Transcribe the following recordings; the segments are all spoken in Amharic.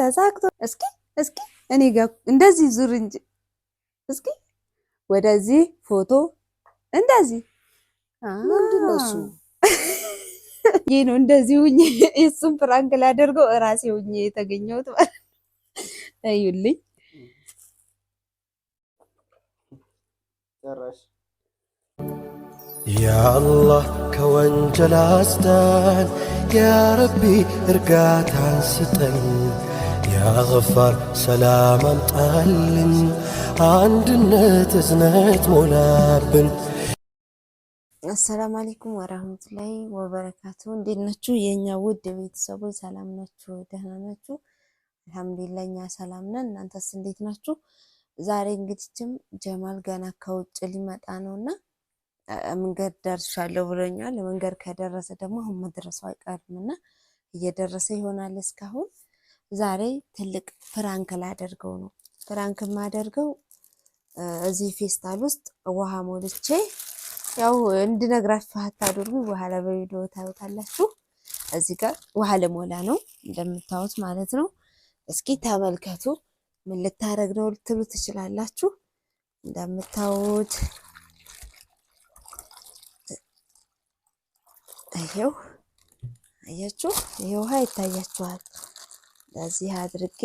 ተሳክቶ እስኪ እስኪ እኔ ጋ እንደዚህ ዙር እንጂ እስኪ ወደዚህ ፎቶ እንደዚህ ምንድነሱ ይህ ነው እንደዚህ ውኝ እሱን ፍራንክ ላደርገው እራሴ ውኝ የተገኘሁት እዩልኝ ያአላህ ከወንጀል አስዳን ያረቢ እርጋታን ስጠን ያ ገፋር ሰላም አምጣልን፣ አንድነት እዝነት ሞላብን። አሰላም አሌይኩም ወራህመቱላሂ ወበረካቱ። እንዴት ናችሁ የእኛ ውድ ቤተሰቦች? ሰላም ናችሁ? ደህና ናችሁ? አልሐምዱሊላ እኛ ሰላም ነን። እናንተስ እንዴት ናችሁ? ዛሬ እንግዲችም ጀማል ገና ከውጭ ሊመጣ ነው እና መንገድ ደርሻለሁ ብሎኛል። መንገድ ከደረሰ ደግሞ አሁን መድረሱ አይቀርም እና እየደረሰ ይሆናል እስካሁን ዛሬ ትልቅ ፍራንክ ላደርገው ነው። ፍራንክ የማደርገው እዚህ ፌስታል ውስጥ ውሃ ሞልቼ ያው እንድነግራችሁ አታድርጉ፣ በኋላ በቪዲዮ ታዩታላችሁ። እዚህ ጋር ውሃ ለሞላ ነው እንደምታዩት ማለት ነው። እስኪ ተመልከቱ። ምን ልታረግ ነው ልትሉ ትችላላችሁ። እንደምታዩት ይሄው አያችሁ፣ ይሄ ውሃ ይታያችኋል። ለዚህ አድርጌ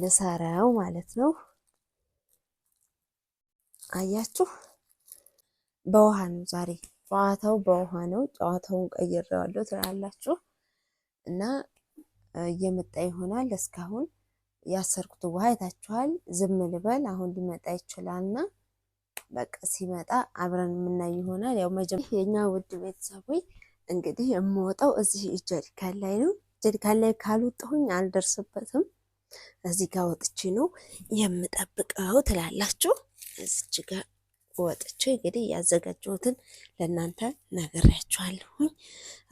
ልሰራው ማለት ነው። አያችሁ በውሃ ነው ዛሬ ጨዋታው፣ በውሃ ነው ጨዋታውን ቀይሬዋለሁ ትላላችሁ እና እየመጣ ይሆናል። እስካሁን ያሰርኩት ውሃ አይታችኋል። ዝም ልበል አሁን ሊመጣ ይችላልና በቃ ሲመጣ አብረን የምናይ ይሆናል። ያው መጀመሪያ የኛ ውድ ቤተሰቦች እንግዲህ የምወጣው እዚህ ጀሪካን ላይ ነው። ጀሪካ ላይ ካልወጣሁኝ አልደርስበትም። እዚህ ጋር ወጥቼ ነው የምጠብቀው ትላላችሁ። እዚች ጋር ወጥቼ እንግዲህ ያዘጋጀሁትን ለእናንተ ነግሬያችኋለሁኝ።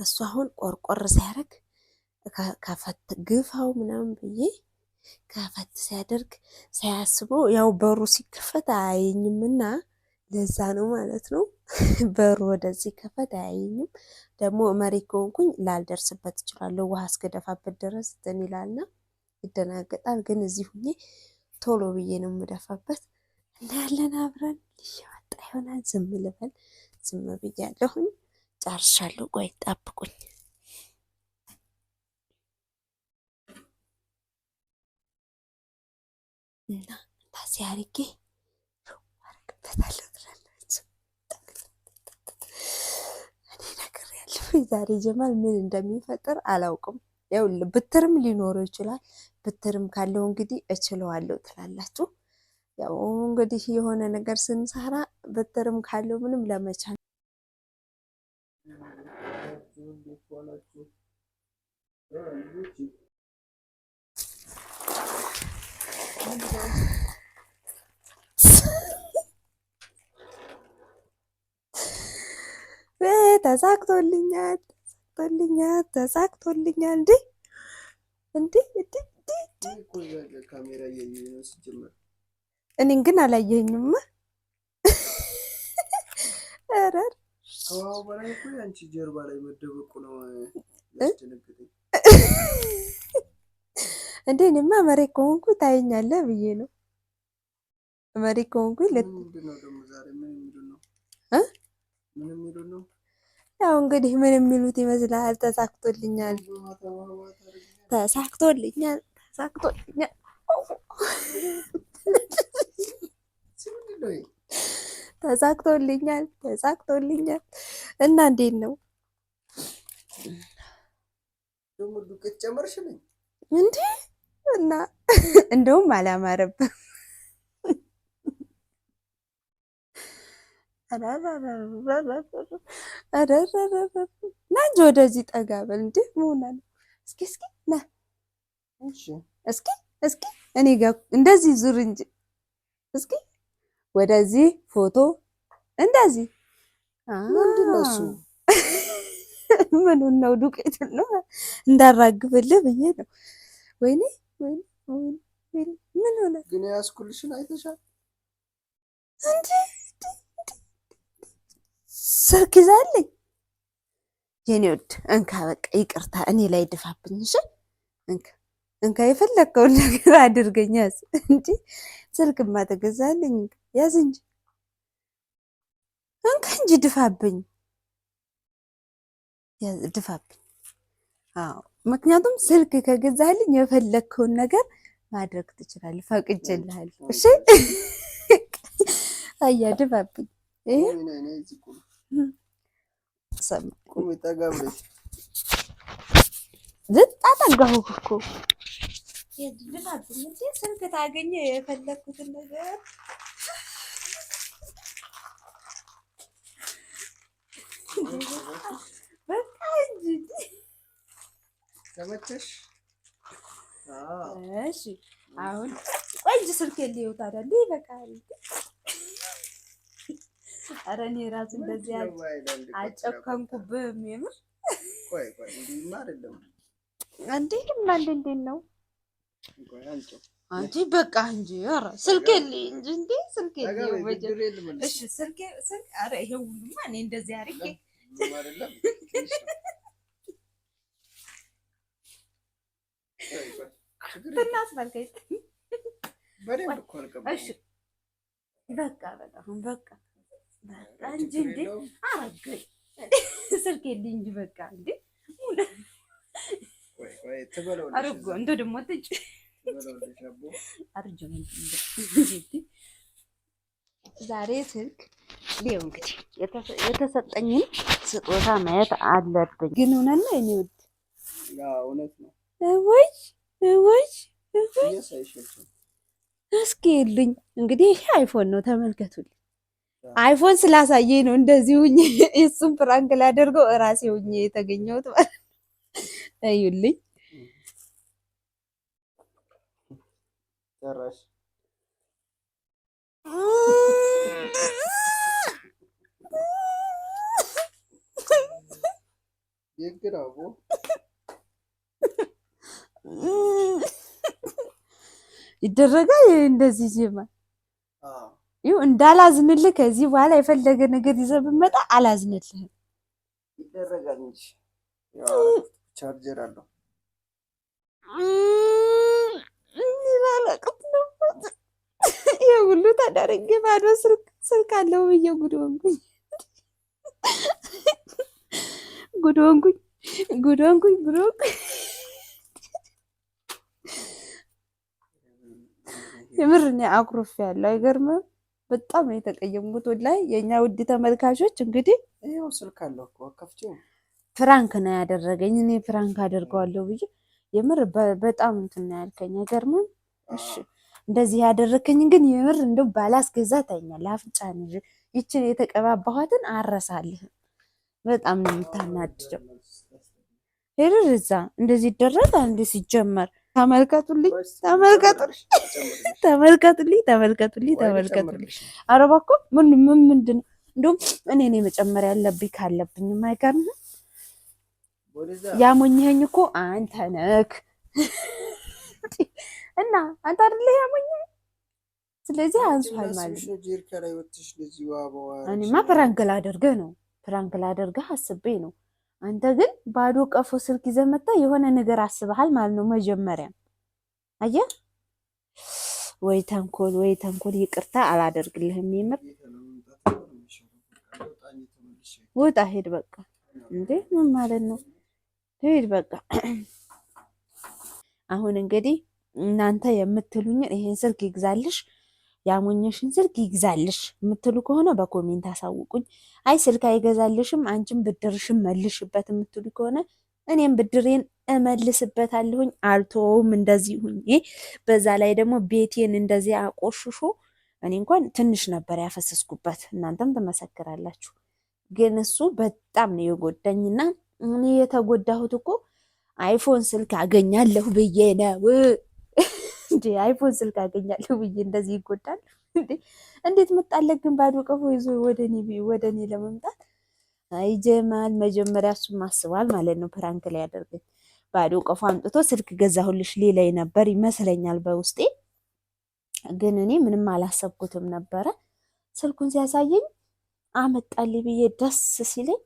እሱ አሁን ቆርቆር ሲያደርግ ከፈት ግፋው ምናምን ብዬ ከፈት ሲያደርግ ሳያስበው ያው በሩ ሲከፈት አይኝምና ለዛ ነው ማለት ነው። በሩ ወደዚህ ከፈት አያየኝም። ደግሞ መሬት ከሆንኩኝ ላልደርስበት እችላለሁ። ውሃ እስከደፋበት ድረስ እንትን ይላልና ይደናገጣል። ግን እዚህ ሁኜ ቶሎ ብዬ ነው የምደፋበት። እናያለን አብረን እየወጣ ይሆናል። ዝም ልበል ዝም ብያለሁኝ። ጨርሻለሁ። ቆይ ጠብቁኝ። እና እንደዚህ አድርጌ ዛሬ ጀማል ምን እንደሚፈጥር አላውቅም። ያው ብትርም ሊኖረው ይችላል። ብትርም ካለው እንግዲህ እችለዋለሁ ትላላችሁ። ያው እንግዲህ የሆነ ነገር ስንሰራ ብትርም ካለው ምንም ለመቻል ተሳክቶልኛል ተሳክቶልኛል ተሳክቶልኛል። እንዴ እንዴ እኔን ግን አላየኝማ። ኧረ ጀርባ ላይ እኔማ መሬት ከሆንኩ ታየኛለህ ብዬ ነው። መሬት ከሆንኩ ምንድን ነው ደግሞ ዛሬ ምን ነው? ምን ነው? ያው እንግዲህ ምን የሚሉት ይመስላል ተሳክቶልኛል ተሳክቶልኛል። እና እንዴት ነው እንዴ? እና እንደውም አላማረብም። ና እንጂ ወደዚህ ጠጋ በል። እንዴ መሆን አለ። እስኪ እስኪ ና እስኪ እስኪ እኔ ጋ እንደዚህ ዙር እንጂ እስኪ ወደዚህ ፎቶ እንደዚህ ምንድነሱ ምኑን ነው ዱቄት ነው እንዳራግብልህ ብዬ ነው። ወይኔ ወይኔ ወይኔ ምን ሆነ ግን? ያስኩልሽን አይተሻል እንዴ? ሰርግ ይዛልኝ የኔ ውድ እንካ፣ በቃ ይቅርታ፣ እኔ ላይ ድፋብኝ። እሺ እንካ እንካ፣ የፈለግከውን ነገር አድርገኝ። ያዝ እንጂ ስልክማ ተገዛልኝ። ያዝ እንጂ እንካ እንጂ ድፋብኝ፣ ያዝ ድፋብኝ። አዎ፣ ምክንያቱም ስልክ ከገዛልኝ የፈለግከውን ነገር ማድረግ ትችላለህ። ፈቅጄልሃለሁ። እሺ አያ ድፋብኝ። አጠጋሁ እኮ ስልክ ታገኘ የፈለግኩትን ነገር አሁን ቆይ እንጂ ስልክ የለየው ታዲያ ይበቃል። ኧረ እኔ እራሱ እንደዚህ አጨከንኩብህም። የምር እንዴትማ እንደ እንዴት ነው አንቺ በቃ እንጂ ኧረ ስልኬ እንጂ እንደ ስልኬ እሺ፣ ስልኬ ስልክ ኧረ ይሄ ሁሉማ እኔ እንደዚህ አድርጌ ትናስመልከኝ በቃ በቃ በቃ በቃ እንጂ እንዴ አረገኝ ስልክ የለኝ እንጂ በቃ ደግሞ ትጭ አርጆ ዛሬ ስልክ እንግዲህ የተሰጠኝን ስጦታ ማየት አለብኝ። ግን እውነት ነው የኔ ውድ እውነት ነው ወይ ወይ እስኪ እንግዲህ ይሄ አይፎን ነው ተመልከቱልኝ። አይፎን ስላሳየ ነው እንደዚህ ሁኝ እሱም ፕራንክ ላደርገው እራሴ ሁኝ የተገኘሁት እዩልኝ። ይደረጋል እንደዚህ ዜማ እንዳላዝንልህ ከዚህ በኋላ የፈለገ ነገር ይዘህ ብትመጣ አላዝንልህም። ይደረጋል ቻርጀር አለው። ባላቅት ሁሉ ታዳረግ ባዶ ስልክ አለው ብዬ ጉድ ሆንኩኝ፣ ጉድ ሆንኩኝ፣ ጉድ ሆንኩኝ፣ ጉድ ሆንኩኝ። የምር እኔ አኩርፌያለሁ። አይገርምም? በጣም ነው የተቀየምኩት። ላይ የእኛ ውድ ተመልካቾች እንግዲህ ይኸው ስልክ አለው እኮ ከፍቼው ፍራንክ ነው ያደረገኝ። እኔ ፍራንክ አደርገዋለሁ ብዬ የምር በጣም እንትን ነው ያልከኝ። አይገርምም? እሺ እንደዚህ ያደረከኝ ግን የምር እንደ ባላስገዛ ታኛ አፍንጫ ነው ይችን የተቀባባኋትን አረሳልህ። በጣም ነው የምታናድደው። ሄድር እዛ እንደዚህ ይደረግ አንድ ሲጀመር ተመልከቱልኝ ተመልከቱልኝ ተመልከቱልኝ ተመልከቱልኝ ተመልከቱልኝ። አረባ እኮ ምን ምን ምንድን ነው እንደውም እኔ እኔ መጨመር ያለብኝ ካለብኝ አይቀርም። ያሞኝኸኝ እኮ አንተ ነክ እና አንተ አይደለህ ያሞኝኸኝ። ስለዚህ አንሷል ማለት ነው። እኔማ ፕራንክ ላደርግህ ነው ፕራንክ ላደርግህ አስቤ ነው አንተ ግን ባዶ ቀፎ ስልክ ይዘህ መጣ የሆነ ነገር አስበሃል ማለት ነው። መጀመሪያ አየህ ወይ ተንኮል ወይ ተንኮል። ይቅርታ አላደርግልህም። የምር ውጣ፣ ሄድ በቃ። እንዴ ምን ማለት ነው? ሄድ በቃ። አሁን እንግዲህ እናንተ የምትሉኝን ይሄን ስልክ ይግዛልሽ ያሞኘሽን ስልክ ይግዛልሽ የምትሉ ከሆነ በኮሜንት አሳውቁኝ። አይ ስልክ አይገዛልሽም አንቺም ብድርሽን መልሽበት የምትሉ ከሆነ እኔም ብድሬን እመልስበታለሁኝ። አልተወውም እንደዚህ ሁኜ። በዛ ላይ ደግሞ ቤቴን እንደዚህ አቆሽሾ እኔ እንኳን ትንሽ ነበር ያፈሰስኩበት፣ እናንተም ትመሰክራላችሁ። ግን እሱ በጣም ነው የጎዳኝና እኔ የተጎዳሁት እኮ አይፎን ስልክ አገኛለሁ ብዬ ነው። እንዴ አይፎን ስልክ አገኛለሁ ብዬ እንደዚህ ይጎዳል እንዴት መጣለህ ግን ባዶ ቀፎ ይዞ ወደ እኔ ለመምጣት አይ ጀማል መጀመሪያ እሱም አስቧል ማለት ነው ፕራንክ ላይ ያደርገኝ ባዶ ቀፎ አምጥቶ ስልክ ገዛሁልሽ ሌላይ ነበር ይመስለኛል በውስጤ ግን እኔ ምንም አላሰብኩትም ነበረ ስልኩን ሲያሳየኝ አመጣልኝ ብዬ ደስ ሲለኝ